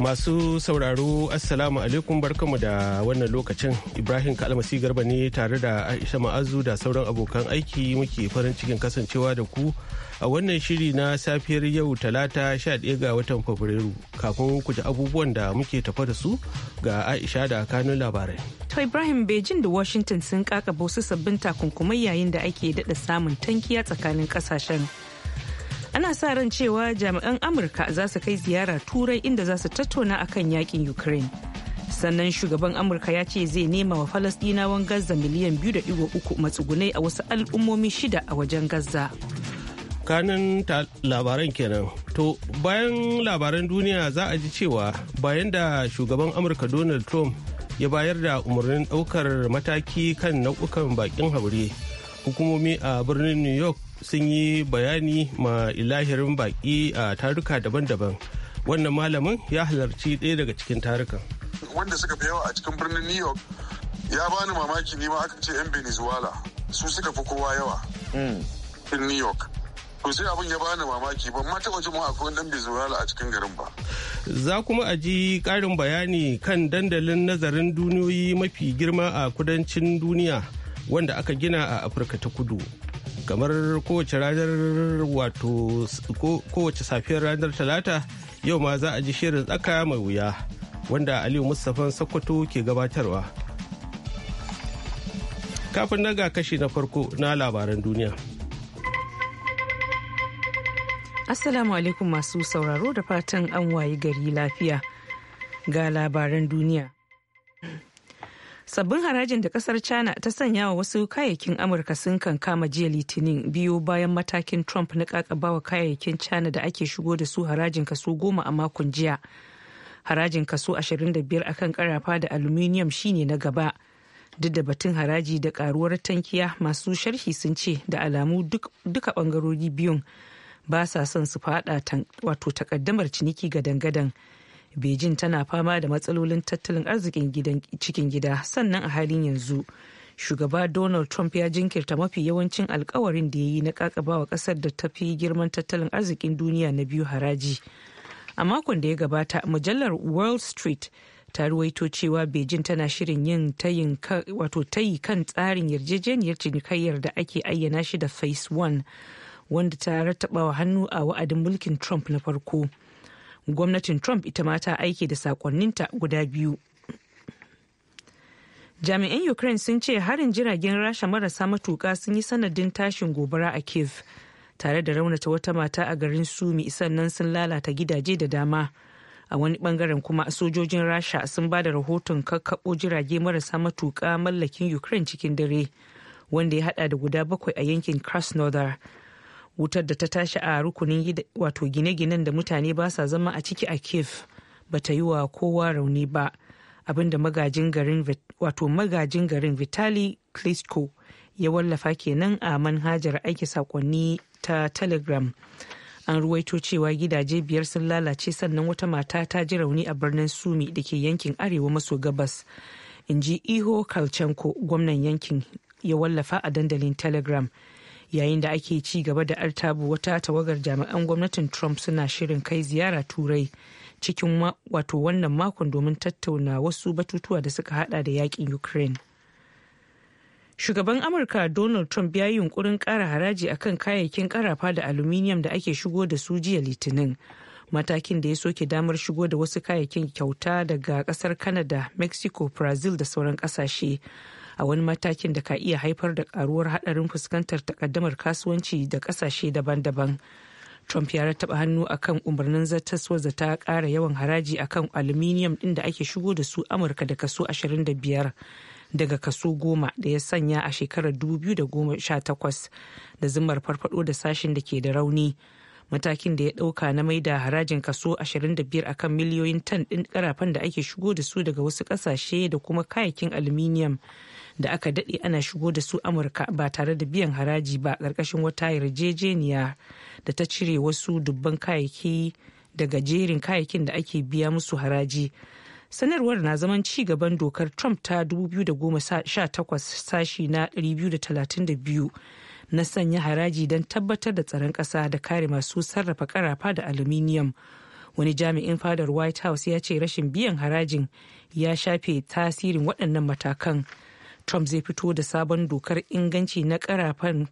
Masu sauraro Assalamu alaikum barkamu da wannan lokacin Ibrahim Kalmasi Garba ne tare da Aisha Ma'azu da sauran abokan aiki muke farin cikin kasancewa da ku a wannan shiri na safiyar yau talata 11 ga watan Fabrairu kafin ku ji abubuwan da muke tafa da su ga Aisha da kanun labarai. To Ibrahim Beijing da Washington sun kakabo su sabbin takunkumai yayin da ake daɗa samun tankiya tsakanin ƙasashen. ana sa ran cewa jami'an amurka za su kai ziyara turai inda za su tattauna akan yakin ukraine sannan shugaban amurka ya ce zai nema wa falasdinawan gaza miliyan 2.3 matsugunai a wasu al'ummomi shida a wajen gaza kanin labaran kenan to bayan labaran duniya za a ji cewa bayan da shugaban amurka donald trump ya bayar da umarnin daukar mataki kan nau'ukan bakin haure hukumomi a birnin new york sun yi bayani ma ilahirin baƙi a taruka daban-daban wannan malamin ya halarci ɗaya daga cikin tarukan wanda suka fi yawa a cikin birnin new york ya bani mamaki ne ma aka ce 'yan venezuela su suka fi kowa yawa hmm. in new york to sai abin ya bani mamaki ban ma taɓa jin akwai dan venezuela a cikin garin ba za kuma a ji ƙarin bayani kan dandalin nazarin duniyoyi mafi girma a kudancin duniya wanda aka gina a afirka ta kudu kamar kowace ranar wato kowace safiyar ranar talata yau ma za a ji shirin tsaka mai wuya wanda aliyu mustapha sokoto ke gabatarwa kafin na ga kashi na farko na labaran duniya assalamu alaikum masu sauraro da fatan an wayi gari lafiya ga labaran duniya sabbin harajin da kasar china ta sanya wa wasu kayayyakin amurka sun kankama jiya litinin biyu bayan matakin trump na kakabawa kayayyakin china da ake shigo da su harajin kaso goma a makon jiya harajin kaso 25 akan karafa da aluminium shine na gaba duk da batun haraji da karuwar tankiya masu sharhi sun ce da alamu duka bangarori biyun ba sa son su fada wato takaddamar ciniki ga dangadan. beijing tana fama da matsalolin tattalin arzikin cikin gida sannan a halin yanzu shugaba donald trump ya jinkirta mafi yawancin alkawarin da ya yi na kakabawa kasar da ta fi girman tattalin arzikin duniya na biyu haraji a makon da ya gabata mujallar wall street ta ruwaito cewa beijing tana shirin yin wato tayi kan tsarin yarjejeniyar cinikayyar da ake ayyana shi da phase one wanda ta rattaba hannu a wa'adin mulkin trump na farko gwamnatin trump ita ma ta aiki da sakonninta guda biyu jami'an ukraine sun ce harin jiragen rasha marasa matuka sun yi sanadin tashin gobara a kiev tare da raunata wata mata a garin sumi sannan sun lalata gidaje da dama a wani bangaren kuma sojojin rasha sun ba da rahoton kakkaɓo jirage marasa matuka mallakin ukraine cikin dare wanda ya hada da guda bakwai a yankin krasnodar wutar da ta tashi a rukunin wato gine-ginen da mutane ba sa zama a ciki a kiev ba ta yi wa kowa rauni ba abinda magajin garin wato magajin garin vitali klitschko ya wallafa kenan a manhajar aiki sakonni ta telegram an ruwaito cewa gidaje biyar sun lalace sannan wata mata ta ji rauni a birnin sumi da ke yankin arewa maso gabas in ji iho kalchenko gwamnan yankin ya wallafa a dandalin telegram yayin da ake ci gaba da artabu wata tawagar jami'an gwamnatin trump suna shirin kai ziyara turai cikin wato wannan makon domin tattauna wasu batutuwa da suka hada da yakin ukraine shugaban amurka donald trump ya yi yunkurin kara haraji akan kayayyakin karafa da aluminium da ake shigo da su jiya litinin matakin da ya soke damar shigo da wasu kayayyakin kyauta daga kasar kanada mexico brazil da sauran kasashe a wani matakin da ka iya haifar da karuwar hadarin fuskantar takaddamar kasuwanci da kasashe daban-daban trump ya rattaba hannu a kan umarnin zartaswar da ta kara yawan haraji akan aluminium din da ake shigo da su amurka da kaso 25 daga kaso goma da ya sanya a shekarar 2018 da zimmar farfado da sashen da ke da rauni matakin da ya ɗauka na maida harajin kaso 25 akan miliyoyin tan din karafan da ake shigo da su daga wasu ƙasashe da kuma kayakin aluminium da aka daɗe ana shigo da su amurka ba tare da biyan haraji ba ƙarƙashin wata yarjejeniya da ta cire wasu dubban kayayyaki daga jerin kayayyakin da ake biya musu haraji sanarwar na zaman ci gaban dokar trump ta 2018 sashi na 232 na sanya haraji don tabbatar da tsaron ƙasa da kare masu sarrafa karafa da aluminium wani jami'in fadar white house ya ce rashin biyan harajin ya shafe tasirin waɗannan matakan. trump zai fito da sabon dokar inganci na karafan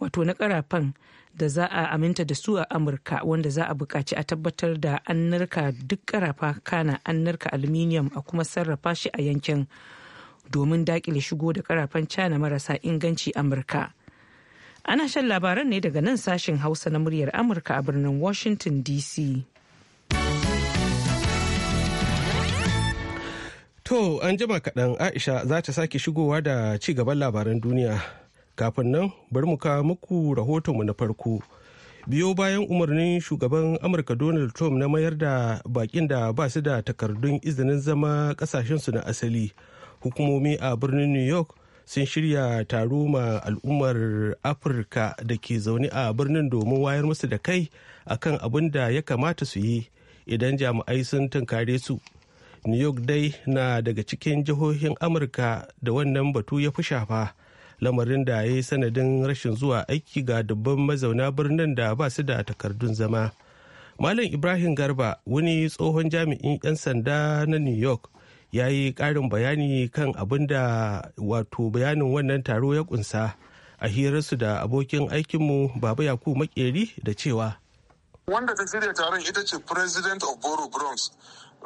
wato na karafan da za a aminta da su a amurka wanda za a buƙaci a tabbatar da an narka duk karafa kana an narka aluminium a kuma sarrafa shi a yankin domin daƙile shigo da karafan china marasa inganci amurka ana shan labaran ne daga nan sashen hausa na muryar amurka a birnin washington dc To, an jima kaɗan Aisha za ta sake shigowa da ci gaban labaran duniya. Kafin nan, bari mu kawo muku rahotonmu na farko. Biyo bayan umarnin shugaban Amurka Donald Trump na mayar da bakin da ba su da takardun izinin zama ƙasashensu na asali. Hukumomi a birnin New York sun shirya taro ma al'ummar Afirka da ke zaune a birnin domin wayar musu da kai akan abin da ya kamata su yi idan jami'ai sun tunkare su. new york dai na daga cikin jihohin amurka da wannan batu ya fi shafa lamarin da ya yi sanadin rashin zuwa aiki ga dubban mazauna birnin da ba su da takardun zama malam ibrahim garba wani tsohon jami'in 'yan sanda na new york ya yi ƙarin bayani kan abin da wato bayanin wannan taro ya kunsa a hirarsu da abokin aikinmu baba yaku makeri da cewa wanda ta shirya taron ita ce president of borough bronx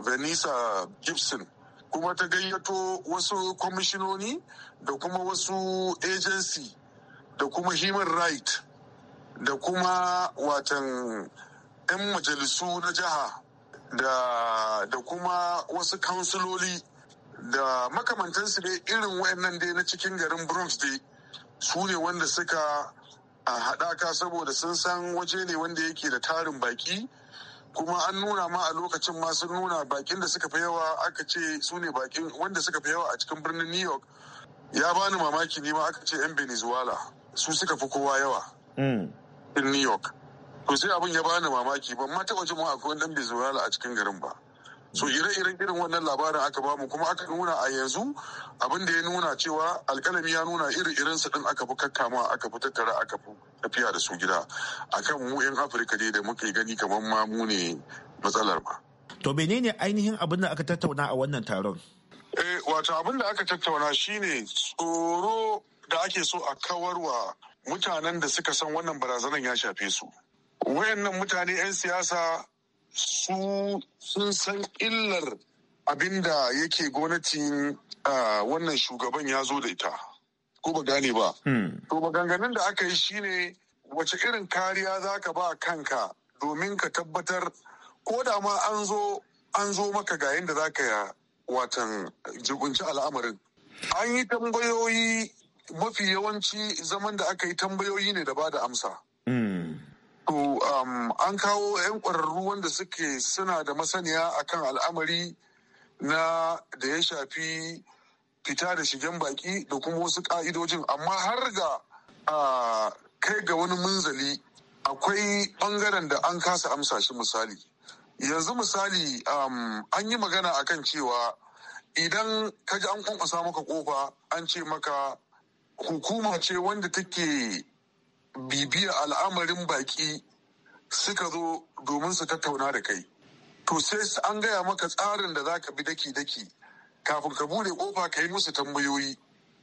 venisa Gibson kuma ta gayyato wasu kwamishinoni da kuma wasu agency da kuma human right da kuma watan 'yan majalisu na jiha da, kuma wasu kansuloli da makamantansu dai irin wayannan dai na cikin garin bronx dai su ne wanda suka a saboda sun san waje ne wanda yake da tarin baki kuma an nuna ma a lokacin ma sun nuna bakin da suka fi yawa aka ce su ne bakin wanda suka fi yawa a cikin birnin new york ya bani mamaki ne ma aka ce 'yan venezuela su suka fi kowa yawa mm. in new york to sai abin ya bani mamaki ban ma taɓa jin akwai dan venezuela a cikin garin ba so mm. ire-iren irin wannan labarin aka bamu kuma aka nuna a yanzu abin da ya nuna cewa alkalami ya nuna iri irin su din aka fi kakkama aka fi tattara aka fi tafiya da su gida a kan mu 'yan afirka ne da muke gani kamar ma mu ne matsalar ma to menene ainihin abin da aka tattauna a wannan taron eh, wato abin da aka tattauna shine tsoro da ake so a kawar wa mutanen da suka san wannan barazanar ya shafe su wayannan mutane 'yan siyasa su sun san illar abin da yake gwamnatin ah, wannan shugaban ya zo da ita ko ba gane ba. Hmm. To maganganun da aka yi shine wace irin kariya za ka ba kanka domin ka tabbatar ko da ma an zo an zo maka ga yadda za ka watan jigunci al'amarin. An yi tambayoyi mafi yawanci zaman da aka yi tambayoyi ne da ba da amsa. Hmm. To um, an kawo 'yan ƙwararru wanda suke suna da masaniya akan al'amari na da ya shafi fita da shigen baki da kuma wasu ka'idojin amma har ga kai ga wani munzali akwai bangaren da an kasa amsa shi misali yanzu misali an yi magana akan cewa idan ka ji an kwankwasa maka kofa an ce maka hukuma ce wanda take bibiya al'amarin baki suka zo domin su tattauna da kai to sai an gaya maka tsarin da za ka bi daki-daki kafin ka bude kofa ka yi musu tambayoyi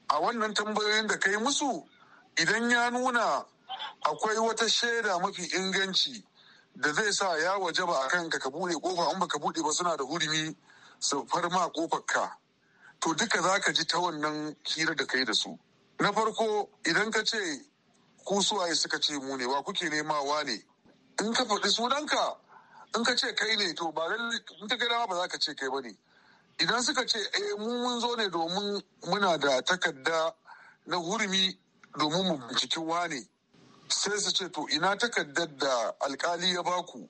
a wannan tambayoyin da ka yi musu idan ya nuna akwai wata shaida mafi inganci da zai sa ya waje ba a kanka ka bude kofa in baka bude ba suna da hurumi su farma kofar ka to duka za ka ji ta wannan hira da kai da su na farko idan ka ce ku suwaye suka ce mu ne wa kuke wa ne in ka faɗi sunanka in ka ce kai ne to ba in ka ga ba za ka ce kai ba ne idan suka ce eh mu mun zo ne domin muna da takarda na hurumi domin mu binciki wane sai su ce to ina takardar da alkali ya baku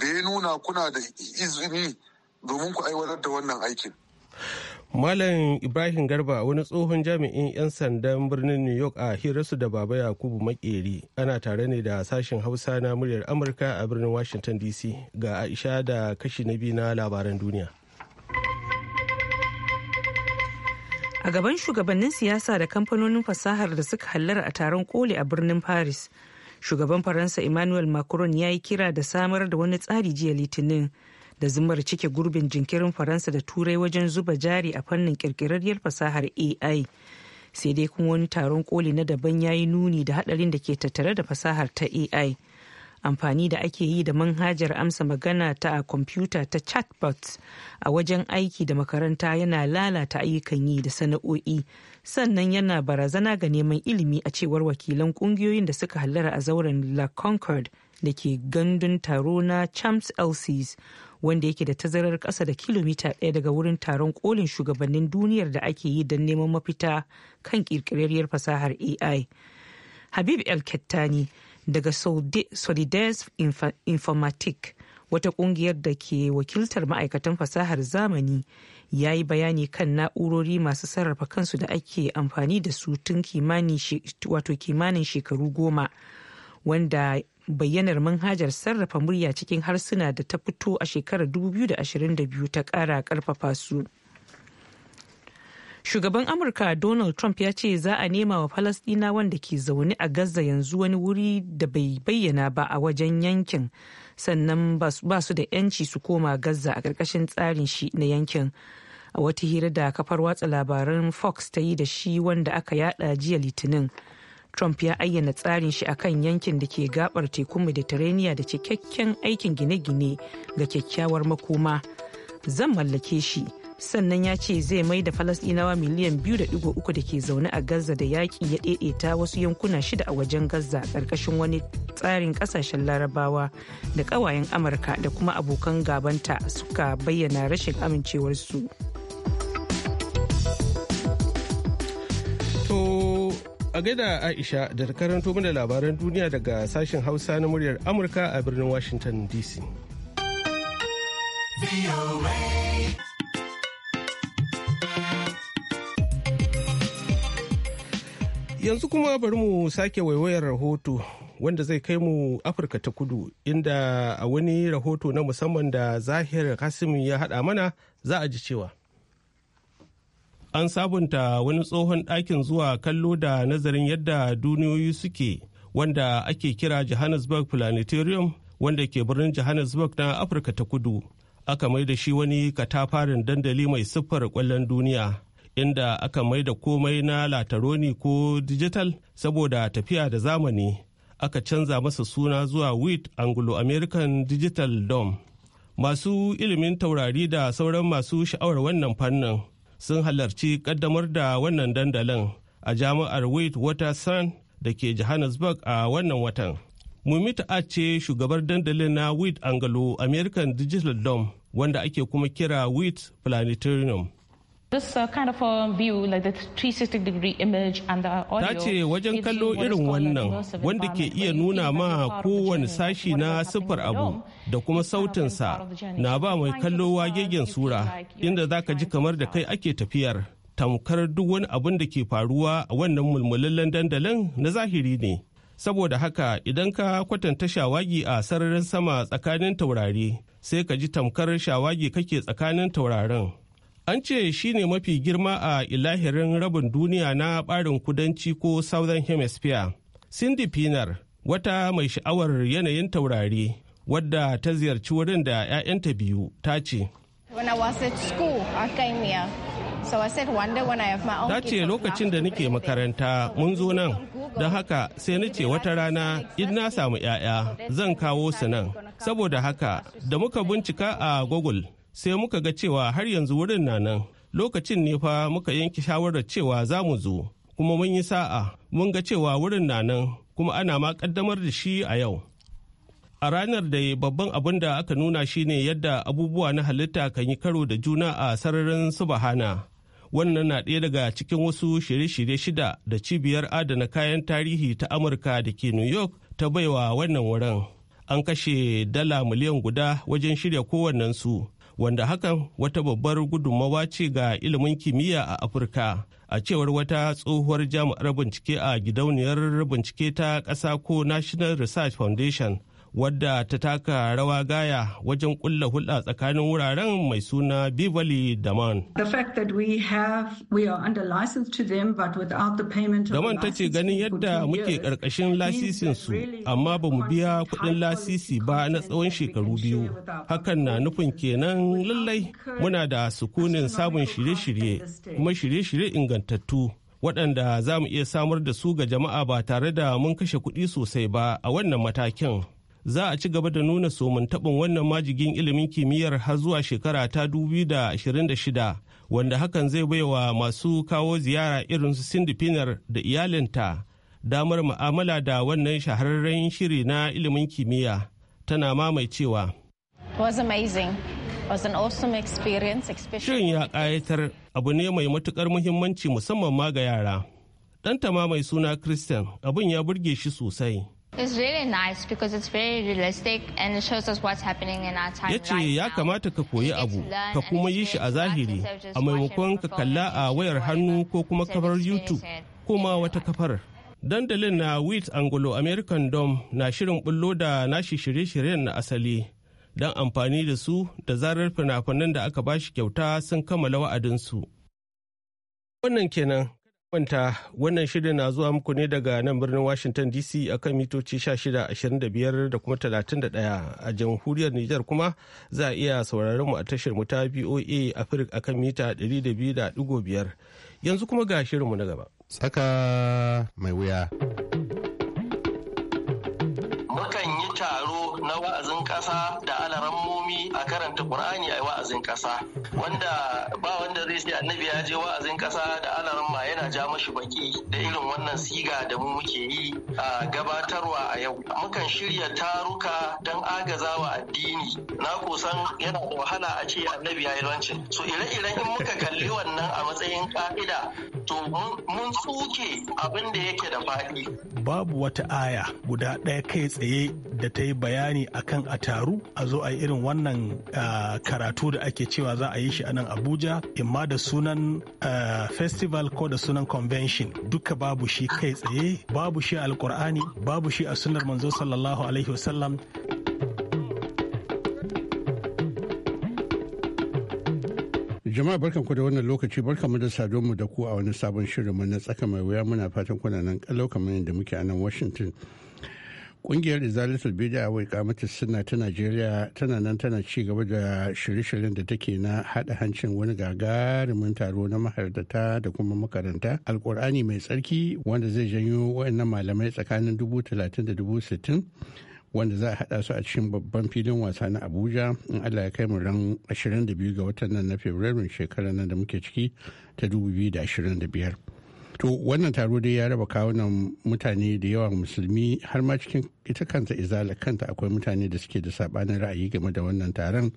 da ya nuna kuna da izini domin ku aiwatar da wannan aikin Malam Ibrahim Garba wani tsohon jami'in 'yan sandan birnin New York a hirarsu da Baba Yakubu Makeri ana tare ne da sashen Hausa na muryar Amurka a birnin Washington DC ga Aisha da kashi na biyu na labaran duniya. a gaban shugabannin siyasa da kamfanonin fasahar da suka hallara a taron koli a birnin paris shugaban faransa emmanuel macron ya yi kira da samar da wani tsari jiya litinin da zumar cike gurbin jinkirin faransa da turai wajen zuba jari a fannin kirkirarriyar fasahar ai sai dai kuma wani taron koli na daban ya yi nuni da hadarin da ke tattare da fasahar ta ai amfani da ake yi da manhajar amsa magana ta a kwamfuta ta chatbot a wajen aiki da makaranta yana lalata ayyukan yi da sana'o'i sannan yana barazana ga neman ilimi a cewar wakilan kungiyoyin da suka hallara a zauren la concord da ke gandun taro na champs elsies wanda yake da tazarar ƙasa da kilomita ɗaya daga wurin taron kolin shugabannin duniyar da ake yi don neman mafita kan ƙirƙirarriyar fasahar ai habib el kettani daga solides informatic wata kungiyar da ke wakiltar ma'aikatan fasahar zamani ya yi bayani kan na'urori masu sarrafa kansu da ake amfani da su tun kimanin shekaru goma wanda bayyanar manhajar sarrafa murya cikin harsuna da ta fito a shekarar 2022 ta kara karfafa su. shugaban amurka donald trump ya ce za a nema wa falasdina wanda ke zaune a gaza yanzu wani wuri da bai bayyana ba a wajen yankin sannan ba su da 'yanci su koma gaza a ƙarƙashin tsarin shi na yankin a wata hira da kafar watsa labaran fox ta yi da shi wanda aka yada jiya litinin trump ya ayyana tsarin shi akan yankin da ke gabar tekun mediterranean da cikakken aikin gine-gine ga kyakkyawar makoma zan mallake shi sannan ya ce zai mai da falasdinawa miliyan 2.3 da ke zaune a gaza da yaƙi ya ɗaiɗaita wasu yankuna shida a wajen gaza ƙarƙashin wani tsarin ƙasashen larabawa da ƙawayen amurka da kuma abokan gabanta suka bayyana rashin amincewarsu to a gaida aisha da ta karanto mana labaran duniya daga sashen hausa na muryar amurka a birnin washington dc Yanzu kuma bari mu sake waiwayar rahoto wanda zai kai mu Afirka ta kudu inda a wani rahoto na musamman da Zahir Kasim ya haɗa mana za a ji cewa. An sabunta wani tsohon ɗakin zuwa kallo da nazarin yadda duniyoyi suke wanda ake kira Johannesburg Planetarium wanda ke birnin Johannesburg na Afirka ta kudu. Aka mai da shi wani katafarin dandali mai siffar kwallon duniya. inda aka mai da komai na lataroni ko digital saboda tafiya da zamani aka canza masa suna zuwa wit anglo-american digital dom masu ilimin taurari da sauran masu sha'awar wannan fannin sun halarci kaddamar da wannan dandalin a jami'ar wit waterson da ke johannesburg a wannan watan mumita a ce shugabar dandalin na wit anglo-american digital dom wanda ake kuma kira wit planetarium Uh, ta ce wajen kallo irin wannan wanda ke iya nuna ma kowane sashi na siffar abu da kuma sautinsa na ba mai kallo wagegen sura inda za ka ji kamar da kai ake tafiyar tamkar duk wani abin da ke faruwa a wannan mulmulallen dandalin na zahiri ne saboda haka idan ka kwatanta shawagi a sararin sama tsakanin taurari sai ka ji tamkar shawagi kake tsakanin taurarin an ce shi ne mafi girma a ilahirin rabin duniya na Barin kudanci ko southern hemisphere cindy pinar wata mai sha'awar yanayin taurari wadda ta ziyarci wurin da 'ya'yanta biyu ta ce ta ce lokacin da nake makaranta mun zo nan don haka sai na ce wata rana in na samu 'ya'ya zan kawo su nan saboda haka da muka bincika a google sai muka ga cewa har yanzu wurin na nan lokacin ne fa muka yanke shawarar cewa za mu zo kuma mun yi sa'a mun ga cewa wurin na nan kuma ana ma kaddamar da shi a yau a ranar da babban abin da aka nuna shi ne yadda abubuwa na halitta kan yi karo da juna a sararin subahana wannan na ɗaya daga cikin wasu shirye-shirye shida da cibiyar adana kayan tarihi ta amurka da ke new york ta baiwa wannan wurin an kashe dala miliyan guda wajen shirya kowannensu wanda hakan wata babbar gudunmawa ce ga ilimin kimiyya a afirka a cewar wata tsohuwar jami'ar bincike a gidauniyar bincike ta ƙasa ko national research foundation wadda ta taka rawa gaya wajen kulla hulɗa tsakanin wuraren mai suna Bivali Daman. Daman ta ce ganin yadda muke ƙarƙashin lasisin amma ba mu biya kuɗin lasisi ba na tsawon shekaru biyu. Hakan na nufin kenan lallai muna da sukunin samun shirye-shirye kuma shirye-shirye ingantattu. waɗanda za mu iya samar da su ga jama'a ba tare da mun kashe kuɗi sosai ba a wannan matakin. za a ci gaba da nuna somantaɓin wannan majigin ilimin kimiyyar har zuwa shekara ta 2026 wanda hakan zai baiwa masu kawo ziyara irin su Cindy da iyalinta damar ma'amala, da wannan shahararren shiri na ilimin kimiyya tana mamai cewa. Shirin ya ƙayatar abu ne mai matuƙar muhimmanci musamman ma ga yara. Ɗanta ma mai suna Christian abin ya burge shi sosai. It's really nice because it's ya kamata ka koyi abu ka kuma yi shi a zahiri a maimakon ka kalla a wayar hannu ko kuma kafar YouTube ko ma wata kafar. Dandalin na Wheat Anglo American Dom na shirin bullo da nashi shirye-shiryen na asali don amfani da su da zarar fina-finan da aka bashi kyauta sun kammala wa'adinsu. Wannan kenan Kwanta wannan shirin na zuwa muku ne daga nan birnin Washington DC akan mitoci 1625 da kuma 31 a jamhuriyar niger kuma za a iya sauraron mu a tashar mu ta BOA afirik akan mita 200.5 yanzu kuma ga shirinmu na gaba. Tsaka mai wuya. Mukan yi taro na wa'azin kasa da momi a karanta ƙur'ani a wa'azin kasa wanda ba wanda zai ce annabi ya je wa'azin kasa da alaran ma yana ja mashi baki da irin wannan siga da mu muke yi a gabatarwa a yau mukan shirya taruka don agazawa addini na kusan yana da wahala a ce annabi ya yi rancin so ire-iren in muka kalli wannan a matsayin ka'ida to mun tsuke abin da yake da faɗi babu wata aya guda ɗaya kai tsaye da ta yi bayani akan a taru a zo a irin wannan ah, karatu da ake cewa za a yi shi a nan abuja imma da sunan eh, festival ko da sunan convention duka babu shi kai tsaye babu shi alkur'ani babu shi a sunar manzo sallallahu alaihi wasallam jama'a barkan ku da wannan lokaci barkan mu da saduwar mu da ku a wani sabon shirin mu na tsaka mai wuya muna fatan kuna nan kalau kamar yadda muke a nan washington Ƙungiyar Izalatul Bida wai kamata suna ta Najeriya tana nan tana ci gaba da shirye-shiryen da take na haɗa hancin wani gagarumin taro na mahardata da kuma makaranta alkur'ani mai tsarki wanda zai janyo wayannan malamai tsakanin dubu talatin da dubu sittin wanda za a haɗa su a cikin babban filin wasa na abuja in allah ya kai mu ran 22 ga watan nan na fabrairun shekarar nan da muke ciki ta biyar. To wannan taro dai ya raba kawunan mutane da yawa musulmi har ma cikin ita kanta izala kanta akwai mutane da suke da sabanin ra'ayi game da wannan taron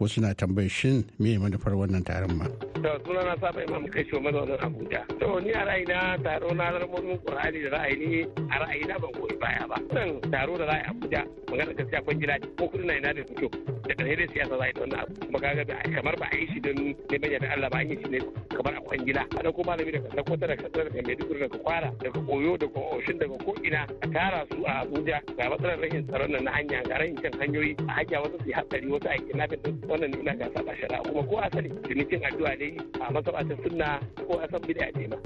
wasu na tambayar shin me manufar wannan taron ma. da suna na saba imam kashe mazaunin Abuja. To ni a ra'ayina taro na zarmomin Qur'ani da ra'ayi a ra'ayina ban goyi baya ba. Nan taro da ra'ayi Abuja magana gaskiya kun jira ko kudi na ina da fito da kare da siyasa za a yi da wannan abu. Kuma kaga kamar ba a yi shi don neman yadda Allah ba an yi shi ne kamar a kwangila ana ko malami daga sako da kasar daga maiduguri daga kwara daga koyo daga oshin daga ko'ina a tara su a abuja ga matsalar rashin tsaron nan na hanya ga rashin kan hanyoyi a hanya wasu su yi hatsari wasu a yi nafin wannan ina ga saba shara kuma ko asali cinikin addu'a dai a masabatan sunna ko a san bid'a ce ba.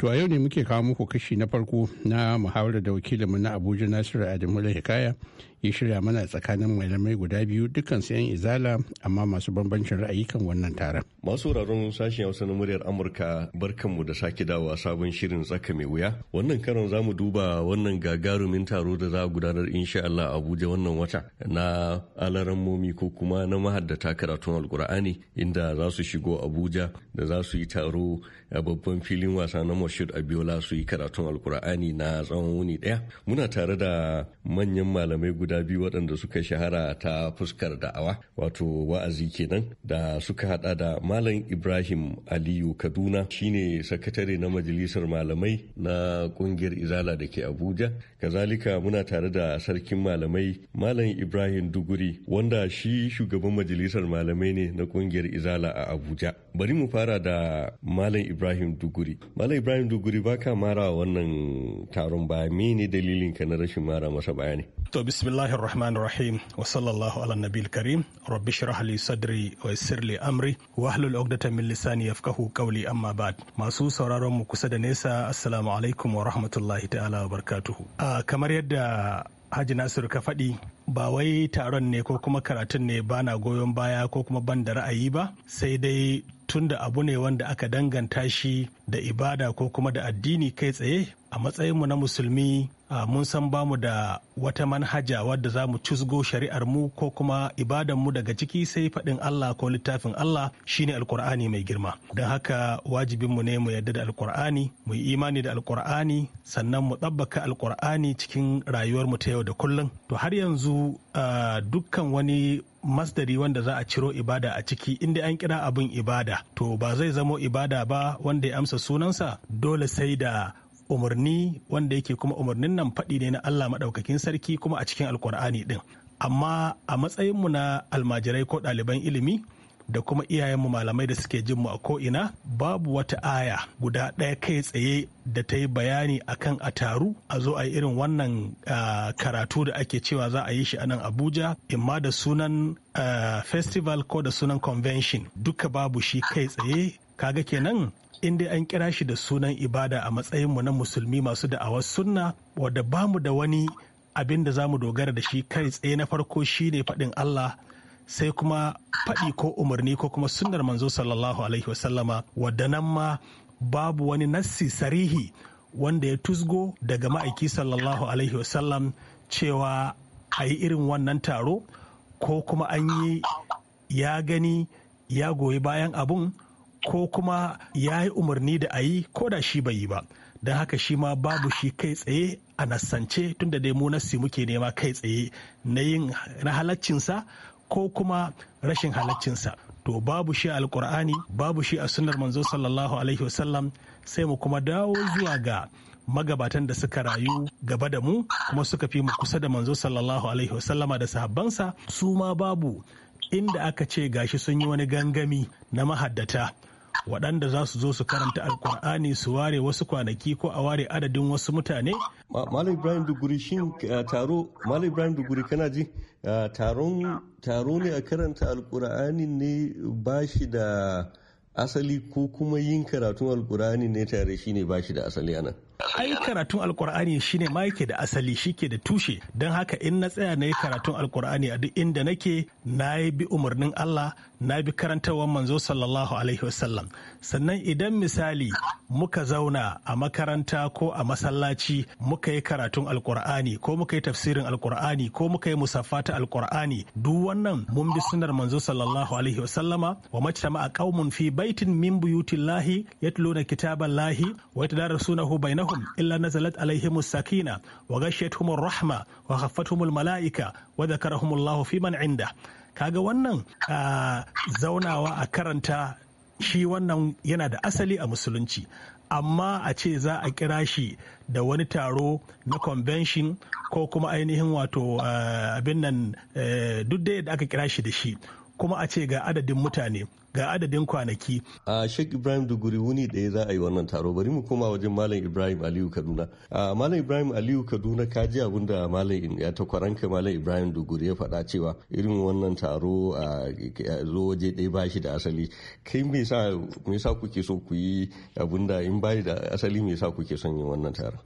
To a yau ne muke kawo muku kashi na farko na muhawarar da wakilinmu na Abuja Nasiru Adamu Hikaya ya shirya mana tsakanin malamai guda biyu dukkan 'yan izala amma masu bambancin ra'ayi kan wannan taron. Masu wuraren sashen Hausa na muryar Amurka barkanmu da sake dawowa sabon shirin tsaka mai wuya. Wannan karon za mu duba wannan gagarumin taro da za a gudanar insha Allah Abuja wannan wata na alaran momi ko kuma na mahaddata karatun Alkur'ani inda za su shigo Abuja da za su yi taro a babban filin wasa na Moshid Abiola su yi karatun Alkur'ani na tsawon wuni ɗaya. Muna tare da manyan malamai guda guda biyu waɗanda suka shahara ta fuskar da'awa wato wa'azi kenan da suka hada da malam ibrahim aliyu kaduna shine sakatare na majalisar malamai na kungiyar izala da ke abuja kazalika muna tare da sarkin malamai malam ibrahim duguri wanda shi shugaban majalisar malamai ne na kungiyar izala a abuja bari mu fara da malam ibrahim duguri malam ibrahim duguri baka mara wannan taron ba mene dalilin ka na rashin mara masa bayani To bismillahir rahmanir rahim wa ala nabil karim rabbi shrah li sadri wa yassir amri wa ahlul uqdatan min lisani yafqahu qawli amma ba'd masu sauraron mu kusa da nesa assalamu alaikum wa rahmatullahi ta'ala wa barakatuhu uh, kamar yadda Haji Nasiru ka faɗi ba wai taron ne ko kuma karatun ne bana goyon baya ko kuma ban da ra'ayi ba sai dai tunda abu ne wanda aka danganta shi da ibada ko kuma da addini kai tsaye a matsayinmu na musulmi mun san bamu da wata manhaja wadda za mu cusgo shari'ar mu ko kuma ibadan mu daga ciki sai faɗin Allah ko littafin Allah shine alkur'ani mai girma don haka wajibin mu ne mu yadda da alkur'ani mu yi imani da alkur'ani sannan mu ɗabbaka alkur'ani cikin rayuwar mu ta yau da kullum to har yanzu dukkan wani masdari wanda za a ciro ibada a ciki inda an kira abin ibada to ba zai zamo ibada ba wanda ya amsa sunansa dole sai da umarni wanda yake kuma umarnin nan faɗi ne na Allah maɗaukakin sarki kuma a cikin alkur'ani ɗin amma a matsayinmu na almajirai ko ɗaliban ilimi da kuma iyayenmu malamai da suke jin mu a ko'ina babu wata aya guda ɗaya kai tsaye da ta yi bayani akan a taru a zo a yi irin wannan karatu da ake cewa za a yi shi a nan abuja imma da sunan festival ko da sunan convention duka babu shi kai tsaye kaga kenan in dai an kira shi da sunan ibada a matsayinmu na musulmi masu da'awar sunna wadda ba mu da wani abin da za mu dogara da shi kai tsaye na farko shi ne faɗin Allah sai kuma faɗi ko umarni ko kuma sunnar manzo sallallahu alaihi wasallama wadda nan ma babu wani nassi sarihi wanda ya tusgo daga ma'aiki sallallahu alaihi wasallam cewa a yi irin wannan taro ko kuma an yi ya gani ya goyi bayan abun ko kuma ya yi umarni da a yi ko da shi bai yi ba don haka shi ma babu shi kai tsaye a nasance tunda dai mu nassi muke nema kai tsaye na yin na halaccinsa ko kuma rashin halaccinsa to babu shi alkur'ani babu shi a sunar manzo sallallahu alaihi wasallam sai mu kuma dawo zuwa ga magabatan da suka rayu gaba da mu kuma suka fi mu kusa da manzo sallallahu alaihi wasallama da sahabbansa su ma babu inda aka ce gashi sun yi wani gangami na mahaddata waɗanda za su zo su karanta alkur'ani su ware wasu kwanaki ko a ware adadin wasu mutane? Malam Ibrahim Duguri shin eh, taro Malam Ibrahim Duguri kana ji eh, taro ne a karanta alkur'ani ne ba shi da asali ko kuma yin karatun alkur'ani ne tare shi ne ba shi da asali anan. ai karatun alkur'ani shine ma yake da asali shi ke da tushe don haka in na tsaya na yi karatun alkur'ani a duk inda nake na yi bi umarnin Allah na bi karantarwar manzo sallallahu alaihi wasallam sannan idan misali muka zauna a makaranta ko a masallaci muka yi karatun alkur'ani ko muka yi tafsirin alkur'ani ko muka yi ta alkur'ani duk wannan mun bi sunar manzo sallallahu alaihi wasallama wa majtama a qaumun fi baitin min buyutillahi yatluna kitaballahi wa yatadarasunahu bainahum illa nazalat alaihimus sakina wa ghashiyatuhumur rahma wa khaffatuhumul malaika wa dhakarahumullahu fi man inda kaga wannan zaunawa a karanta shi wannan yana da asali a musulunci amma a ce za a kira shi da wani taro na convention ko kuma ainihin wato abin nan eh, duk da aka kira shi da shi kuma a ce ga adadin mutane ga adadin kwanaki. A Sheikh Ibrahim Duguri wuni ɗaya za a yi wannan taro bari mu koma wajen Malam Ibrahim Aliyu Kaduna. A Malam Ibrahim Aliyu Kaduna ka ji abin da Malam ya kwaranka Malam Ibrahim Duguri ya faɗa cewa irin wannan taro a zo waje ɗaya ba shi da asali. Kai me sa me sa kuke so ku yi abin da in ba da asali me sa kuke son yin wannan taro?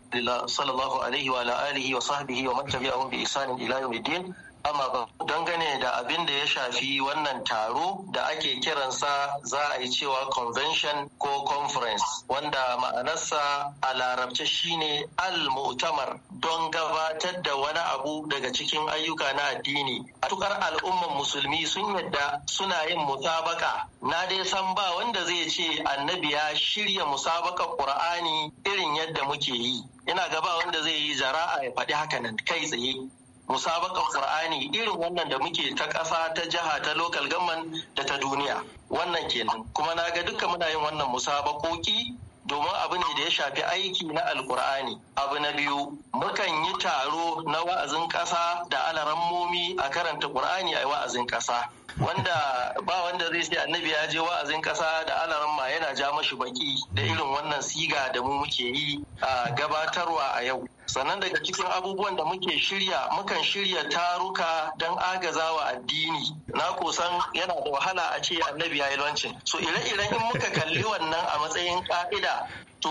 Sallallahu alaihi wa alihi wa sahbihi wa man tabi'ahum bi ihsanin ila yawmiddin. Don dangane da abin da ya shafi wannan taro da ake kiransa za a yi cewa convention ko conference wanda ma'anarsa a larabce shine al-mu'tamar don gabatar da wani abu daga cikin ayyuka na addini a tukar al'umman musulmi sun yadda suna yin musabaka na dai san ba wanda zai ce annabi ya shirya musabaka qur'ani irin yadda muke yi ina gaba wanda zai yi jara'a ya faɗi hakanan kai tsaye musabaƙar qur'ani irin wannan da muke ta ƙasa ta jiha ta local government da ta duniya wannan kenan kuma na ga duka muna yin wannan musabakoki domin abu ne da ya shafi aiki na alkur'ani abu na biyu mukan yi taro na wa'azin ƙasa da alarammomi a karanta ƙur'ani a wa'azin ƙasa wanda ba wanda zai ce annabi ya je wa'azin kasa da alaran ma yana ja mashi baki da irin wannan siga da mu muke yi a gabatarwa a yau sannan daga cikin abubuwan da muke shirya mukan shirya taruka don wa addini na kusan yana da wahala a ce annabi ya yi lancin so ire-iren in muka kalli wannan a matsayin ka'ida to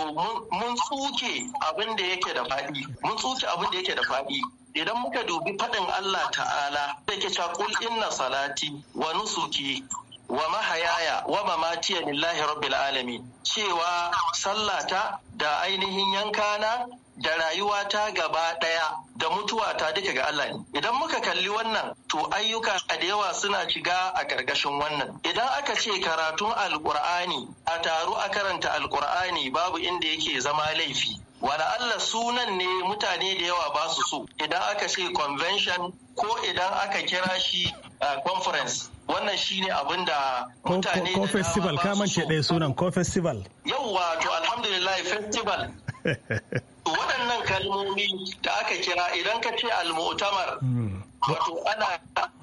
mun tsuke abin da yake da faɗi mun tsuke abin da yake da faɗi idan muka dubi faɗin Allah ta'ala da ke cakul inna salati wa nusuki wa mahayaya wa mamatiya lillahi rabbil alamin cewa sallata da ainihin yankana da rayuwata gaba ɗaya da mutuwata duka ga Allah ne idan muka kalli wannan to ayyuka da yawa suna shiga a ƙarƙashin wannan idan aka ce karatun alƙur'ani a taru a karanta alƙur'ani babu inda yake zama laifi wala Allah sunan ne mutane da yawa ba su so idan aka ce convention ko idan aka kira shi uh, conference wannan shine abin da mutane ko festival kamance ɗaya sunan ko festival yauwa to alhamdulillah festival waɗannan kalmomi da aka kira idan ka ce al-mu'tamar hmm. wato ana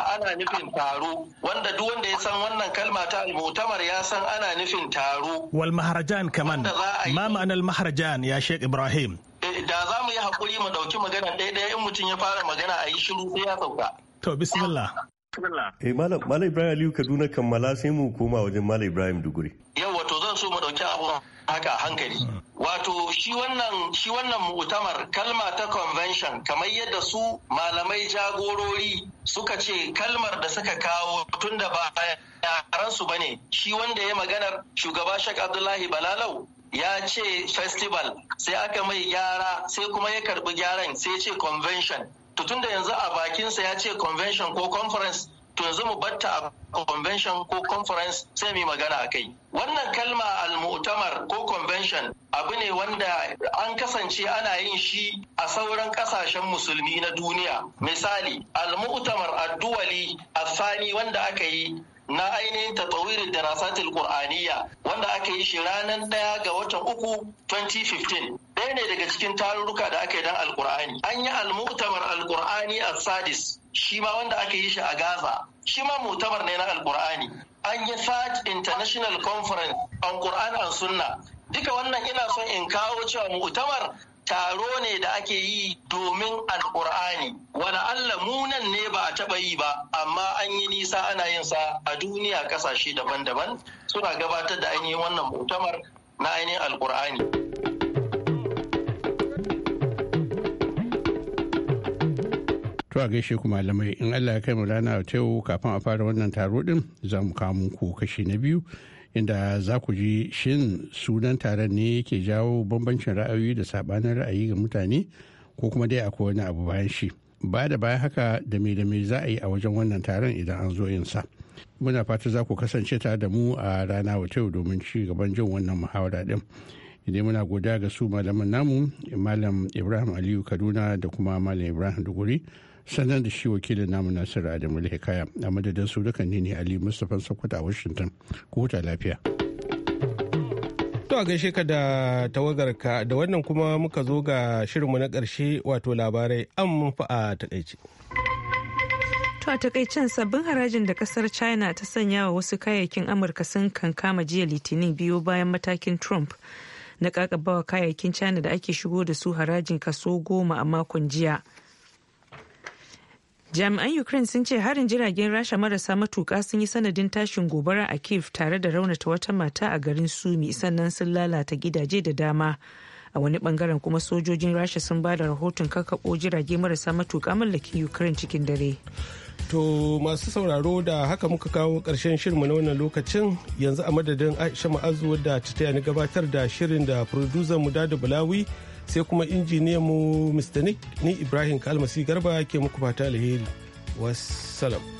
ana nufin taro wanda duk wanda ya san wannan kalma ta al-mu'tamar ya san ana nufin taro wal maharajan kaman ma ma'anar maharajan ya Sheikh Ibrahim eh, da za mu yi hakuri mu dauki magana ɗaya ɗaya in mutum ya fara magana a yi shiru sai ya sauka to bismillah Eh Malam Ibrahim Aliyu Kaduna kammala sai mu koma wajen Malam Ibrahim Duguri. Yau zan so mu dauki abu haka hankali wato shi wannan shi wannan mu'tamar kalma ta convention kamar yadda su malamai jagorori suka ce kalmar da suka kawo tun da ba su bane shi wanda ya maganar shugaba Sheikh Abdullahi Balalau ya ce festival sai aka mai gyara sai kuma ya karbi gyaran sai ce convention to da yanzu a bakinsa ya ce convention ko conference to yanzu mu batta a convention ko conference sai mu magana a kai wannan kalma al-mu'tamar ko convention abu ne wanda an kasance ana yin shi a sauran kasashen musulmi na duniya misali al-mu'tamar ad-duwali asani wanda aka yi na ainihin tatawirin darasatul qur'aniyya wanda aka yi shi ranar ɗaya ga watan uku 2015 ɗaya ne daga cikin tarurruka da aka yi don alkur'ani an yi al-mu'tamar al sadis shi ma wanda aka yi shi a gaza shi ma mutabar ne na alkur'ani an yi third international conference on qur'an and sunna duka wannan ina son in kawo cewa mu'tamar taro ne da ake yi domin alkur'ani wani allah munan ne ba a taɓa yi ba amma an yi nisa ana yin sa a duniya kasashe daban-daban suna gabatar da ainihin wannan mu'tamar na ainihin alkur'ani. zuwa gaishe ku malamai in Allah ya kai mu rana a kafin a fara wannan taro din za mu kawo ku kashi na biyu inda za ku ji shin sunan taron ne ke jawo bambancin ra'ayoyi da sabanin ra'ayi ga mutane ko kuma dai akwai wani abu bayan shi. Ba da bayan haka da me da me za a yi a wajen wannan taron idan an zo yin sa. Muna fata za ku kasance ta da mu a rana wata domin ci gaban jin wannan muhawara din. idan muna godiya ga su malaman namu malam ibrahim aliyu kaduna da kuma malam ibrahim duguri sannan da shi wakilin namu nasiru adamu hikaya a madadin su dukan ne ne ali mustapha sokoto a washington ko huta lafiya to a gaishe ka da tawagarka da wannan kuma muka zo ga shirinmu na ƙarshe wato labarai an fa a takaice To a takaicen sabbin harajin da kasar China ta sanya wa wasu kayayyakin Amurka sun kan kama jiya litinin biyu bayan matakin Trump na kakabawa kayayyakin China da ake shigo da su harajin kaso goma a makon jiya. jami'an ukraine sun ce harin jiragen rasha marasa matuka sun yi sanadin tashin gobara a kiev tare da raunata wata mata a garin sumi sannan sun lalata gidaje da dama a wani bangaren kuma sojojin rasha sun ba da rahoton kakabo jirage marasa matuka mallakin ukraine cikin dare To masu sauraro da haka muka kawo ƙarshen shirinmu na wannan lokacin yanzu a madadin Aisha Ma'azu da ta taya gabatar da shirin da mu da Bulawi sai kuma injiniyan mu Mr. Nick ni Ibrahim Kalmasi Garba ke muku fata alheri. Wassalam.